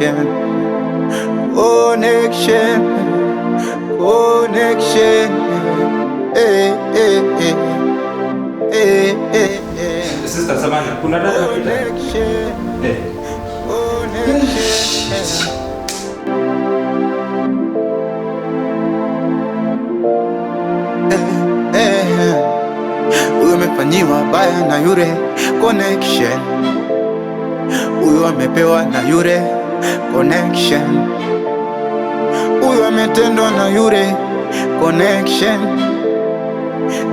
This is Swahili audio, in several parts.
connection, connection, connection. Hey, hey, Sister kuna dada Connection. Eh. Eh, eh. Umefanyiwa baya na yule connection, huyo amepewa na yule connection, huyu ametendwa na yule connection,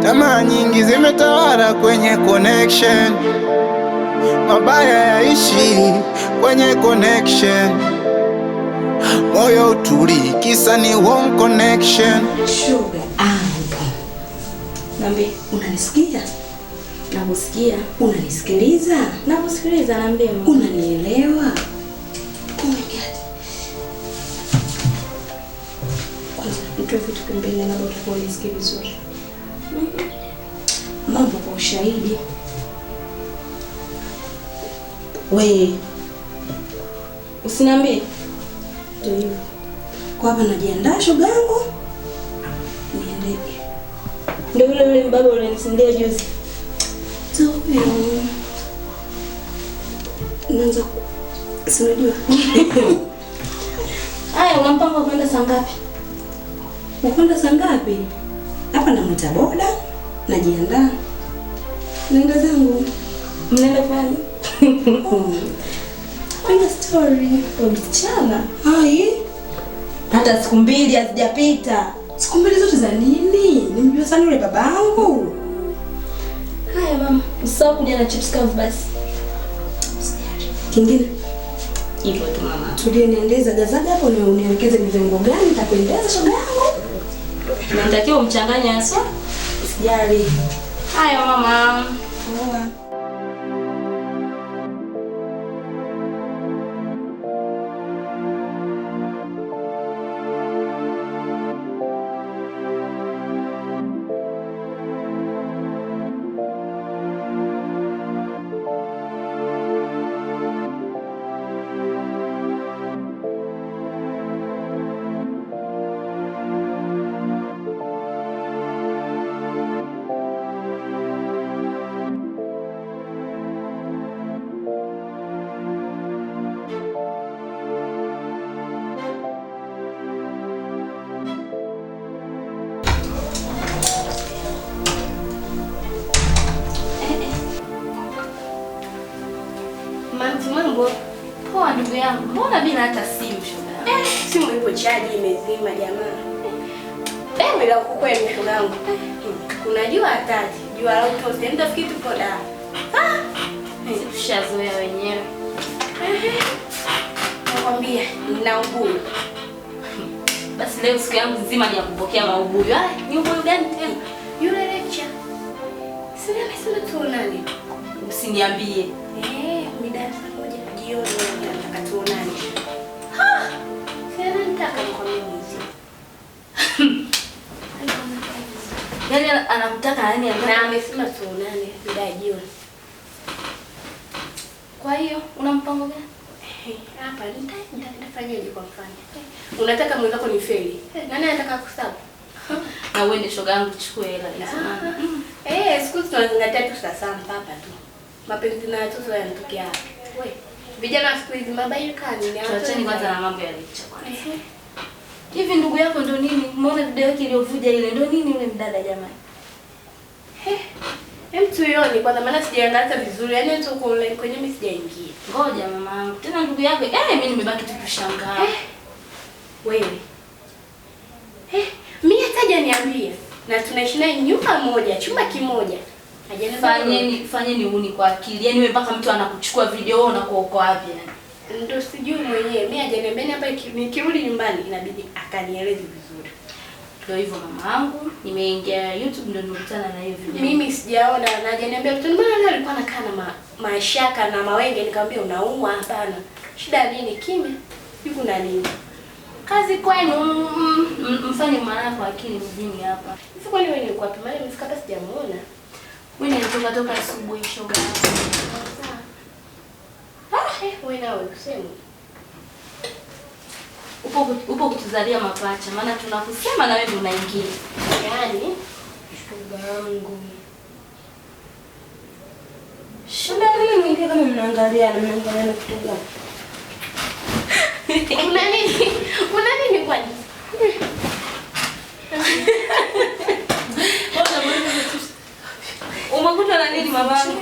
tamaa nyingi zimetawala kwenye connection, mabaya yaishi kwenye connection, moyo utuli kisa ni wrong connection. Sugar unanisikia? Nakusikia. Unanisikiliza? Nakusikiliza nambe. Unanielewa? utoe vitu pembeni na utakuwa unisikia vizuri. Mm-hmm. Mambo kwa ushahidi. Wewe usiniambie. Ndio hivyo. Kwa hapa najiandaa shugangu yangu. Niendeke. Ndio yule yule mbaba ulinisindia juzi. Tu. Um, naanza. Sinajua. Aya, una mpango kwenda saa ngapi? Ukwenda saa ngapi? Hapa mta boda, najiandaa naenda zangu. Mnaenda kwani? Oh. Kwenda story msichana. Hai, hata siku mbili hazijapita. Siku mbili zote za nini? Nimjua sana yule babangu. Haya mama, usawa kuja na chips kavu basi. Kingine hivyo tu mama, tulie niendeza gazaga hapo, nielekeze mizengo gani takuendeza shoga yangu Natakiwa umchanganye aswa. Usijali. Haya mama. Poa. niambie. Eh, Yaani anamtaka yani na amesema tuonane mida ya jioni. Kwa hiyo una mpango gani? Eh, eh, Hapa nitaenda nitafanyaje kwa mfano? Eh, unataka mwenzako ni feli. Nani anataka kusabu? Na uende shoga yangu chukue hela. Ah, eh, siku tunazingatia tu sasa mpapa tu mapenzi na watoto yanatokea wapi? vijana siku hizi mabaya kani ni watu Tuacheni kwanza na mambo yalicho kwanza. Hivi ndugu yako ndo nini? Umeona video yake iliyovuja ile ndo nini yule mdada jamani? Eh. Hem tuione kwanza maana sijaenda hata vizuri. Yaani tu online kwenye mimi sijaingia. Ngoja mama yangu. Tena ndugu yako eh, mimi nimebaki tu kushangaa. Wewe. Eh, mimi hata hajaniambia na tunaishi naye nyumba moja, chumba kimoja. Fanyeni fanyeni uni kwa akili. yani, wewe mpaka mtu anakuchukua video na kuokoa wapi yani. Ndio sijui mwenyewe. Mimi ajaniambia hapa nikirudi nyumbani inabidi akanieleze vizuri. Ndio hivyo mama yangu, nimeingia YouTube ndio nimekutana na hiyo video. Mimi sijaona na ajaniambia mtu mbona alikuwa anakaa na ma, mashaka na mawenge nikamwambia unaumwa hapana. Shida nini kimya? Yuko na nini? Kazi kwenu mm, mm, mfanye maana kwa akili mjini hapa. Sasa kwani wewe ni kwa pemani umefika hapa sijamuona? Wewe ni mtoka toka asubuhi shoga. Ah, eh, wewe nawe useme. Upo upo kutuzalia mapacha maana tunakusema na wewe unaingia. Yaani shoga yangu. Shida mimi ndio kama mnaangalia na mnaangalia na kitu gani? Una nini? Una nini kwani? Umekuta na nini mamangu?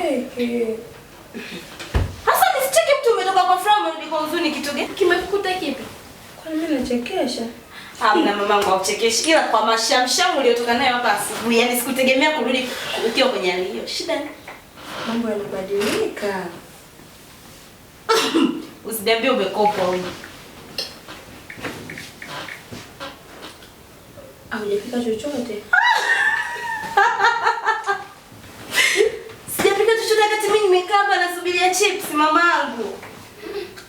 Hasa nisicheke mtu umetoka kwa furaha umerudi kwa huzuni kitu gani? Kimekukuta kipi? Kwa nini unachekesha? Hamna mamangu hauchekeshi ila kwa mashamsham uliotoka nayo hapa asubuhi. Yaani sikutegemea kurudi ukiwa kwenye hali hiyo. Shida ni mambo yanabadilika. Usiniambie umekopa wewe. Haujapika chochote. shida kati mimi nimekaa hapa nasubiria chips mamangu.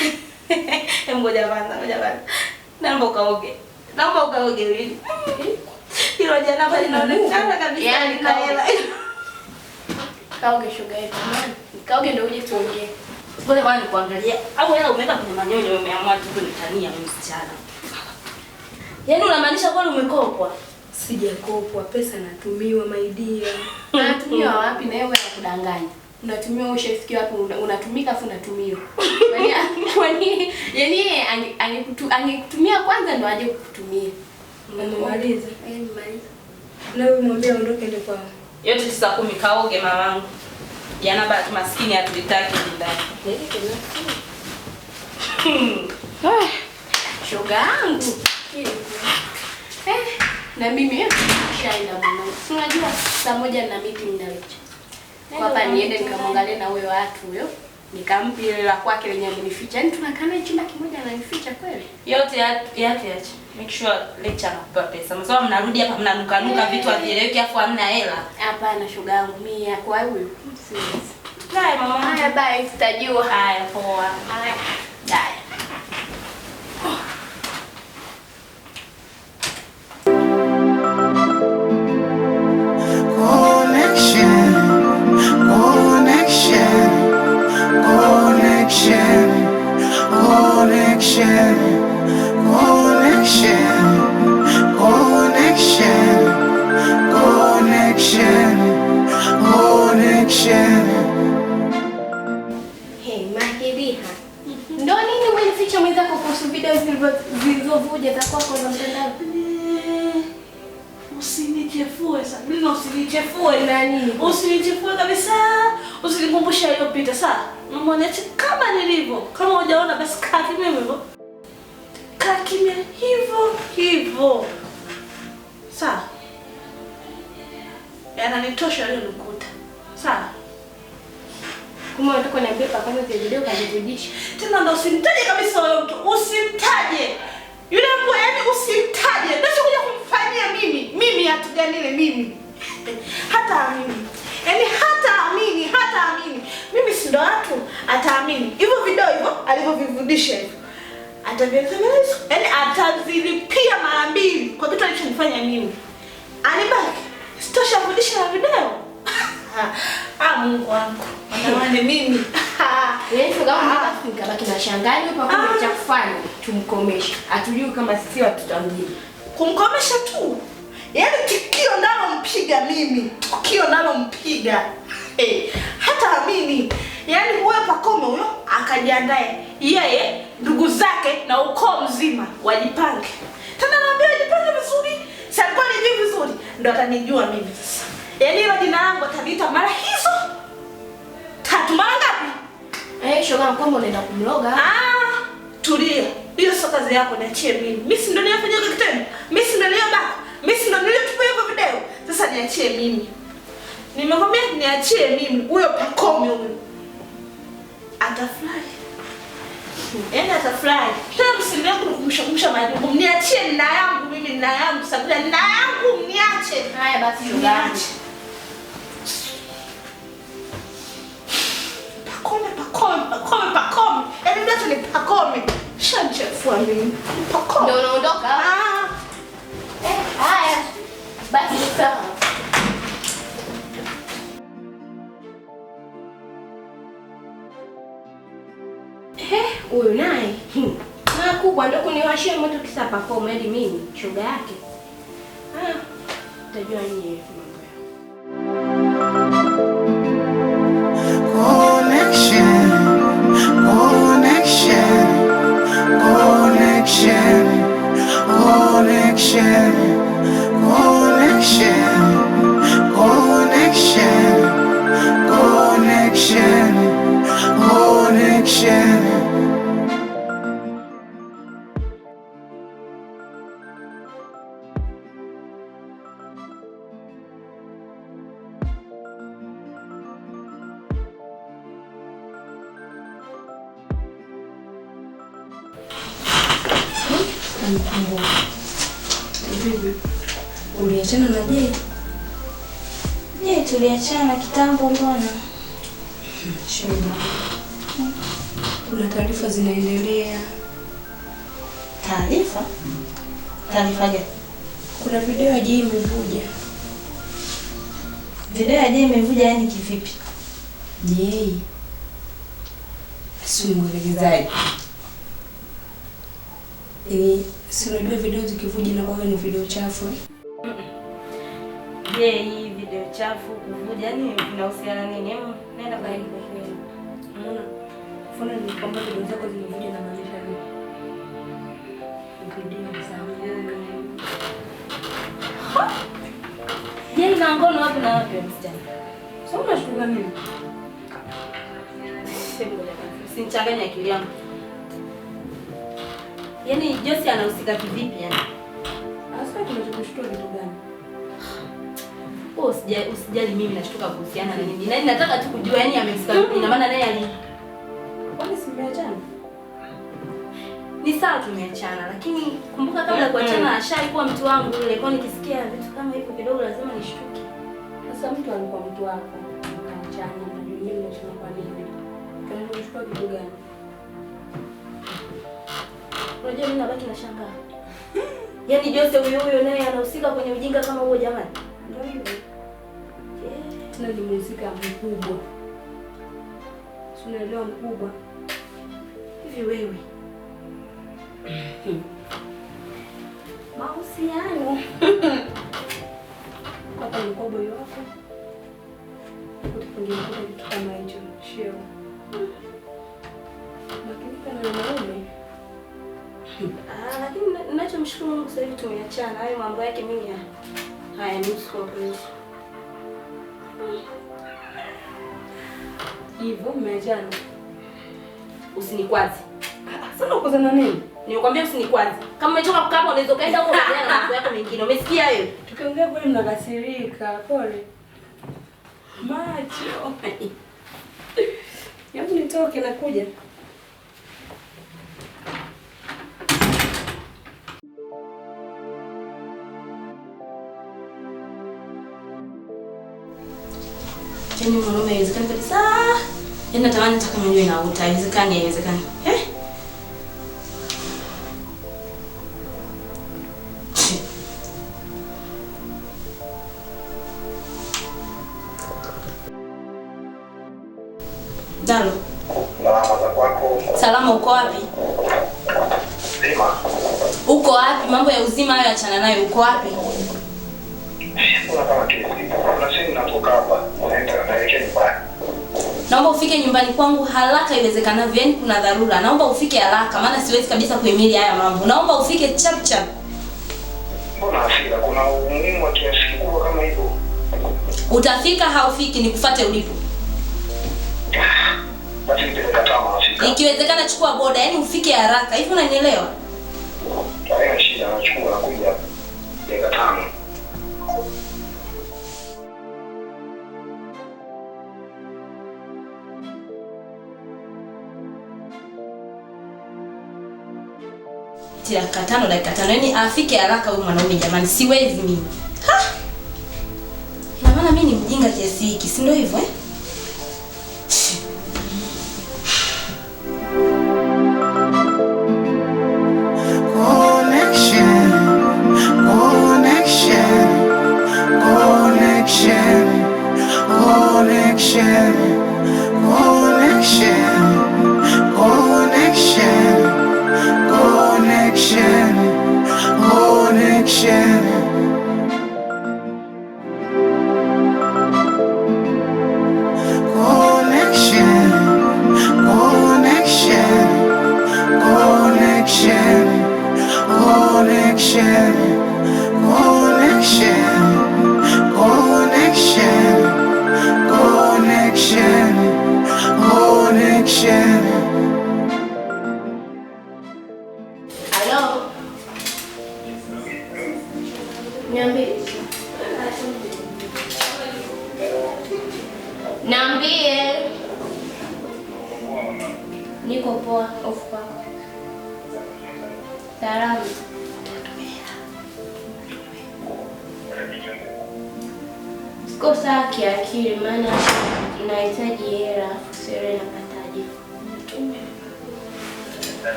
Ngoja bana, ngoja bana. Naomba ukaoge. Naomba ukaoge wewe. Hilo jana bali naonekana kabisa yani kaela. Kaoge shuga yetu. Kaoge ndio uje tuongee. Ngoja bana nikuangalia. Au wewe umeweka kwenye manyonyo umeamua tu kunitania mimi msichana. Yaani unamaanisha kwani umekopwa? Sijakopwa, pesa natumiwa maidia. Natumiwa wapi na wewe unakudanganya? unatumia wewe ushafikia wapi? Unatumika afu unatumia kwani? Yani angekutumia kwanza ndo aje kukutumia. Nimaliza na wewe mwambie aondoke ndio kwa Yote saa kumi kaoge mamangu. Jana bahati maskini atulitaki ndani. Ah, shoga yangu. Eh, na mimi eh, shaina mwanangu. Unajua saa moja na miti mnaweza kwamba niende nikamwangalie na huyo watu huyo nikampi ile la kwake lenye amenificha. Yaani tunakana chumba kimoja ananificha kweli. Yote yake yake. Make sure lecture anakupa pesa. Msao mnarudi hapa nuka vitu eh. havieleweki afu hamna hela. Hapana shoga yangu mimi ya kwa huyu. Haya mama. Haya bye sitajua. Haya poa. Haya. kuja kujaza kwako za mtandao. Usinichefue Sabrina, usinichefue nani? Usinichefue kabisa. Usinikumbushe yaliyopita saa. Mwana kama nilivyo. Kama hujaona basi kaa kimya hivyo. Kaa kimya hivyo hivyo. Sawa. Yananitosha leo nikuta. Sawa. Kumbe unataka niambie pa kwanza video kanirudisha. Tena ndo usimtaje kabisa wewe mtu. Usimtaje. Yule mbwa yani usimtaje. Nachokuja kumfanyia mimi. Mimi atuganile mimi. Hata amini. yani hata amini, hata amini. Mimi si ndo watu ataamini. Hivyo video hivyo alivyovivudisha hivyo. Atavianza mimi. atazilipia mara mbili kwa kitu alichonifanya mimi. Anibaki. Sitosha kudisha na video. Ah, Mungu wangu. Wanawane mimi. Yaani Afrika baki na shangani cha ah. kufanya tumkomeshe. Hatujui kama sisi hatutarudi. Kumkomesha tu. Yaani tukio nalo mpiga mimi. Tukio nalo mpiga. Hey, eh, hata amini. Yaani wewe pakome huyo akajiandae. Yeye ndugu zake na ukoo mzima wajipange. Tena naambia wajipange vizuri. Sasa nijui vizuri ndo atanijua mimi sasa. Yaani ile jina langu ataniita mara hizo tatu mara ngapi? Eh, shoga unaenda kumloga? Ah, tulia. Hiyo sio kazi yako, niachie mimi. Mimi si kitendo? Mimi si niliyobaka? Mimi si niliyotupa hiyo video? Sasa niachie mimi. Nimekwambia niachie mimi. Huyo pakomi huyo. Atafurahi. Yaani Tena nina yangu mimi nina yangu nina yangu mniache. Haya basi Pakome, pakome, Yaani ndoto ni pakome. Shachafua mimi. Pakome. Ndio unaondoka? Ah. Eh, haya. Basi sawa. Huyu naye maa hmm. ah, kubwa ndio kuniwashia moto kisa pakome hadi mimi shoga yake. Ah, utajua nyewe mambo yao. 见。tuliachana na kitambo, mbona? Shema, kuna taarifa zinaendelea. Taarifa? Taarifa gani? Kuna video ya Jay imevuja. Video ya Jay imevuja, yani kivipi? Jay si mwelekezaji, ili yaani, si unajua video zikivuja na kwaga ni video chafu. Jay uchafu, kuvuja, yani vinahusiana nini? Hebu nenda hiyo Mbona mbona ni kwamba ndugu zako zilivuja na maanisha nini? Ndio sana. Je, na ngono wapi na wapi msichana? Sasa unashtuka mimi. Usinichanganye akili yangu. Yaani Josi anahusika kivipi yani? Asa Hasa kinachokushtua kitu gani? usijali, mimi nashtuka kuhusiana na nini, na nataka tu kujua, yani amefika ina maana naye ali, kwani simeachana? Ni sawa tumeachana, lakini kumbuka, kabla ya kuachana ashaikuwa mtu wangu yule. Kwa nikisikia vitu kama hivyo kidogo, lazima nishtuke. Sasa mtu alikuwa mtu wako, kaachana na mimi, nasema kwa nini kama unashtuka kitu gani? Unajua mimi nabaki na shangaa, yaani Jose huyo huyo naye anahusika kwenye ujinga kama huo, jamani. Hasna ni muziki ya mkubwa, unaelewa mkubwa. Hivi wewe mahusiano pata mkobo wako kutufungia kitu kama hicho sheo lakini ah, nachomshukuru Mungu sasa hivi tumeachana. Hayo mambo yake mimi haya nusu kwa nusu hivyo mmejana. Usinikwaze. Sasa uko zana nini? Nilikwambia usinikwaze. Kama umechoka kukaa hapo unaweza kaenda huko na mambo yako mengine. Umesikia wewe? Tukiongea kweli mnakasirika. Pole. Macho. Yaani nitoke na kuja. tu mimi mwanaume haiwezekani kabisa. Yaani natamani hata kama niwe naota, haiwezekani, haiwezekani. Eh? Dalo. Salama, uko wapi? Uko wapi? Mambo ya uzima hayo achana nayo, uko wapi? naomba ufike nyumbani kwangu haraka iwezekanavyo, yani kuna dharura, naomba ufike haraka, maana siwezi kabisa kuhimili haya mambo, naomba ufike chap chap. Mbona afika? Kuna umuhimu wa kiasi kikubwa kama hivyo? Utafika haufiki, nikufuate ulipo. Ikiwezekana chukua boda, yani ufike haraka. Hivi unanielewa? Haina shida, nachukua nakuja. Dakika tano. dakika tano dakika tano, yani afike haraka huyu mwanaume jamani, siwezi mimi. Na maana mimi ni mjinga kiasi hiki, si ndio hivyo eh? Niambie. Niko poa. Ofa. Salamu. Siko sawa kiakili maana nahitaji hela afu sio napataje?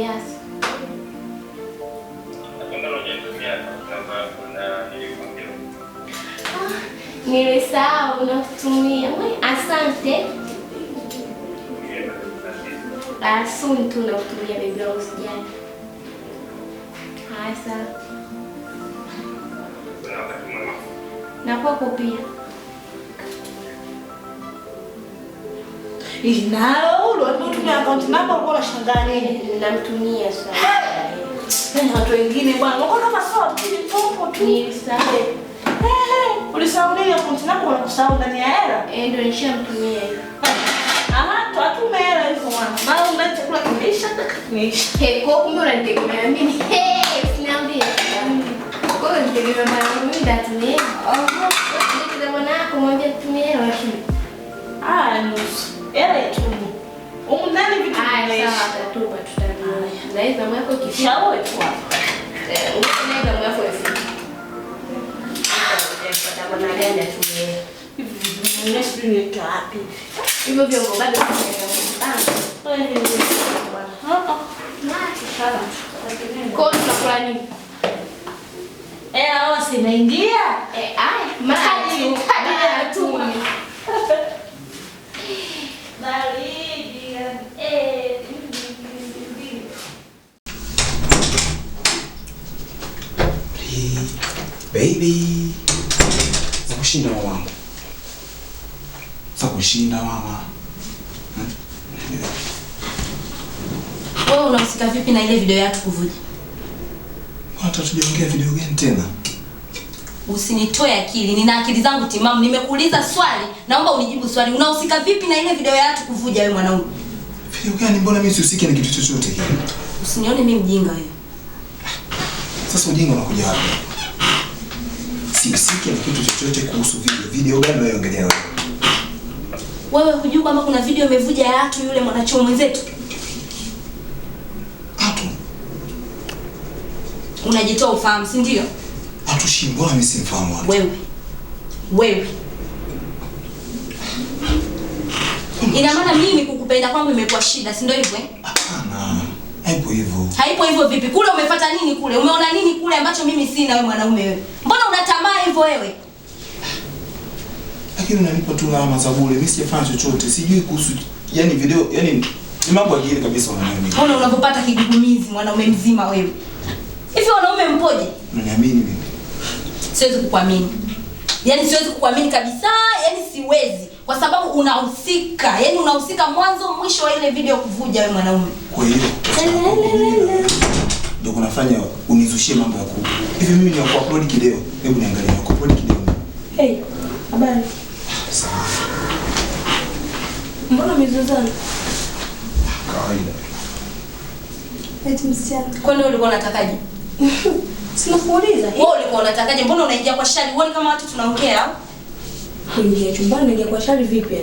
Yes. Nilisahau nakutumia. Asante. Asante nakutumia bibi wangu sijana. Na kwako pia. Inao ulo unatumia account number uko unashangaa nini? Namtumia sana. Watu wengine bwana, uko na maswali tu. Nilisahau. Ulisahau nini akaunti nako unakusahau ndani ya hela? Eh, ndio nishamtumia hiyo. Ama tu atume hela hizo mwana. Mara una chakula kimeisha taka kimeisha. Eh, kwa kumbe unanitegemea mimi. Eh, sinaambia. Kwa hiyo nitegemea mara mimi ndatumia. Oh, ndio kile mwanako mmoja tumia hela lakini. Ah, nusu. Hela itubu. Umu ndani vitu vimeisha. Ah, sawa, tutatupa tutajua. Na hizo mambo kifaa. Shauri kwa. Eh, unaweza mambo kuna ganda tu hivi wapi? Hivyo vyombo bado tunakula nini? Eh, naingia. Eh, ai, maji. Baridi. Eh. Baby kushinda wa wangu sa kushinda mama hmm? wewe unahusika vipi na ile video yake kuvuja? Hata tujaongea video gani tena? Usinitoe akili, nina akili zangu timamu. Nimekuuliza swali, naomba unijibu swali. Unahusika vipi na ile video yake kuvuja wewe mwanaume? Video gani? Mbona mimi sihusiki na kitu chochote kile? Usinione mimi mjinga wewe. Sasa ujinga unakuja wapi? usihusike na kitu chochote kuhusu video. Video gani unayoangalia wewe? Wewe hujui kwamba kuna video imevuja ya Atu yule mwanachuo mwenzetu? Atu. Unajitoa ufahamu, si ndio? Atu Shimbo mimi simfahamu Atu. Wewe. Wewe. Ina maana mimi kukupenda kwangu imekuwa shida, si ndio hivyo? Eh? Haipo hivyo. Haipo hivyo vipi? Kule umefuata nini kule? Umeona nini kule ambacho mimi sina wewe mwanaume wewe? Mbona unatamaa hivyo wewe? Lakini unanipa tu lawama za bure. Mimi sijafanya chochote. Sijui kuhusu yani video yani ni mambo ya kabisa wanaume. Mbona unapopata kigugumizi mwanaume mzima wewe? Hivi wanaume mpoje? Unaniamini mimi? Siwezi kukuamini. Yaani siwezi kukuamini kabisa, yaani siwezi kwa sababu unahusika, yani unahusika mwanzo mwisho wa ile video kuvuja wewe mwanaume. Kwa hiyo ndio kunafanya unizushie mambo ya kuku hivi. Mimi ni wa kuupload kideo, hebu niangalie na kuupload kideo. Hey, habari. Mbona mizuzana? Kawaida. Eti msichana. kwani nini ulikuwa unatakaje? Sina kuuliza. Wewe ulikuwa unatakaje? Mbona unaingia kwa shari? Wewe kama watu tunaongea au? kuingia chumbani naingia kwa shari vipi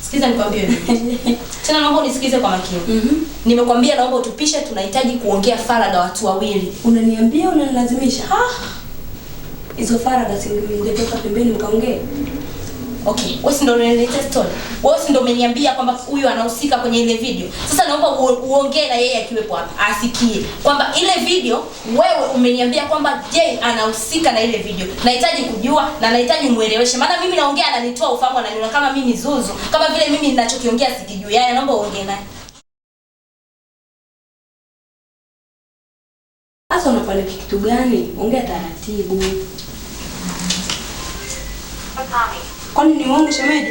Sikiza nikwambie. Tena naomba unisikize kwa makini. Mhm. Mm Nimekwambia naomba utupishe tunahitaji kuongea faragha watu wawili. Unaniambia unanilazimisha? Ah. Hizo faragha singetoka pembeni mkaongee Okay, wewe si ndio unaniletea story. Wewe si ndio umeniambia kwamba huyu anahusika kwenye ile video. Sasa naomba uongee na yeye akiwepo hapa asikie kwamba ile video wewe umeniambia kwamba je, anahusika na ile video. Nahitaji kujua na nahitaji mueleweshe. Maana mimi naongea ananitoa ufahamu ananiona kama mimi zuzu, kama vile mimi ninachokiongea sikijui. Yaya, naomba uongee naye. Sasa unafanya kitu gani? Ongea taratibu. Kwani ni uongo shemeji?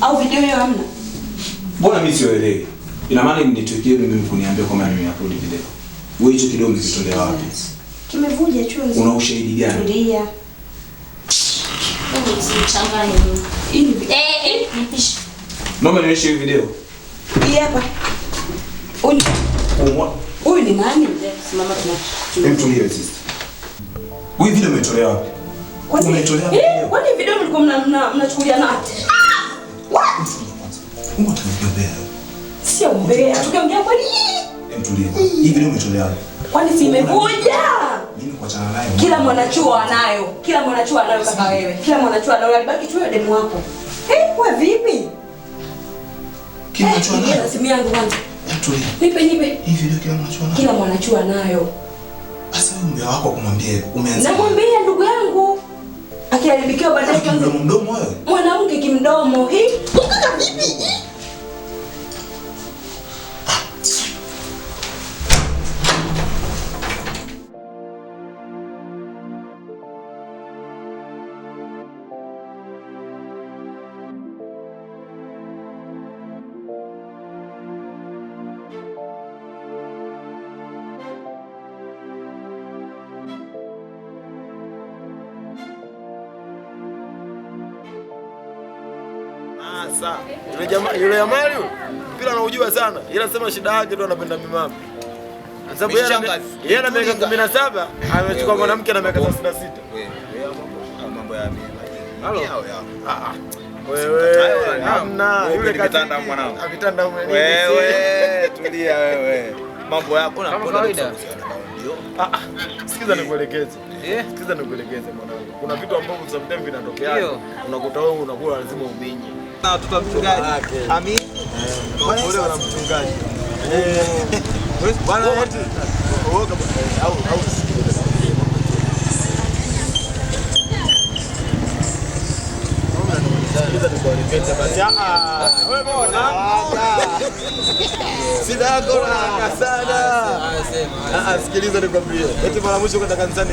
Au video hiyo hamna? Mbona mimi sioelewi? Ina maana mnitukie mimi kuniambia kwamba nimeupload video. Wewe hicho kidogo mkitolea wapi? Yes. Kimevuja chuo. Una ushahidi gani? Tulia. Usichanganye mimi. Hii eh eh nipishe. Naomba nionyeshe hii video. Hii hapa. Huyu. Huyu ni nani? Mama tunachukua. tunacho. Mtulie sister. Huyu video umetolea wapi? Eh, kwani video mlikuwa mnachukulia nani? Ah! tukiongea hii video umetolea. Kwani si imekuja? Kila mwanachuo anayo, kila mwanachuo anayo wewe. Kila mwanachuo anayo, alibaki tu demu wako. Eh, wewe vipi? Kila eh, mwanachuo anayo. Simu yangu kwanza. Nipe nipe. Hii video kila mwanachuo anayo. Kila mwanachuo anayo. wako kumwambia, umeanza. Namwambia ndugu yangu. Akiharibikiwa baadaye mdomo wewe. Mwanamke kimdomo. Hii. Vipi? Ah, Sasa yule jamaa yule Yamali mpira anaujua sana, ila anasema shida yake ndio anapenda mimama, sababu yeye ana miaka 17 amechukua mwanamke na miaka 36. Ah, mambo ya mimi yao ah, wewe yule akitanda Wewe tulia wewe, mambo yako na kawaida. sikiza nikuelekeze, eh? sikiza nikuelekeze mwanangu, kuna vitu ambavyo sometimes vinatokea, unakuta wewe unakula lazima uminye na watoto wa mchungaji. Ah, Amin. Wale wana mchungaji. Bwana wetu au au Sikiliza nikwambie, eti mara mwisho kwenda kanisani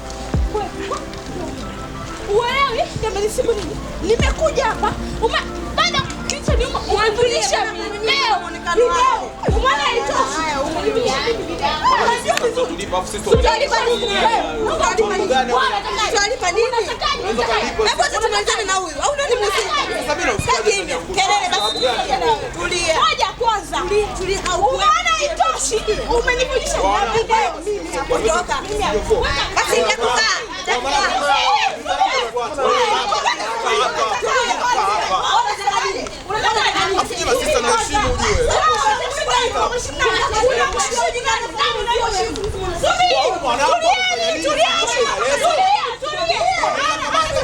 Uelewi jamani, siku nini nimekuja hapa bado kichwa nyuma unavulisha video video, umeona haitoshi kwanza. Umeona itoshi. Umenivujisha kutoka. Basi ndio kukaa. Tulieni, tulieni, tulieni.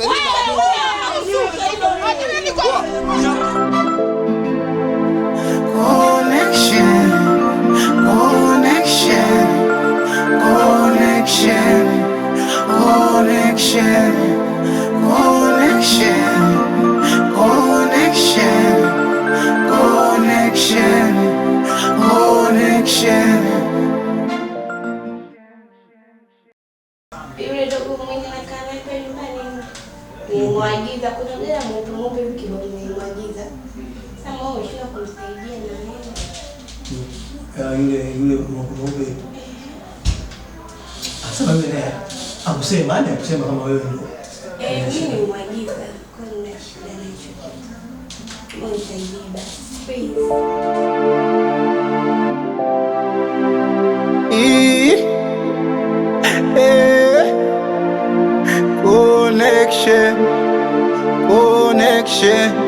Connection, za kutolea mweupe hivi kidogo nilimwagiza. Sasa mama ameshinda kumsaidia na mimi. Ah, yule yule mweupe mweupe. Sasa wewe naye akusema nani akusema kama wewe ndio? Eh, mimi nilimwagiza kwa nini nina shida nacho. Mungu saidie basi. Please. Eh, eh, eh, connection quê?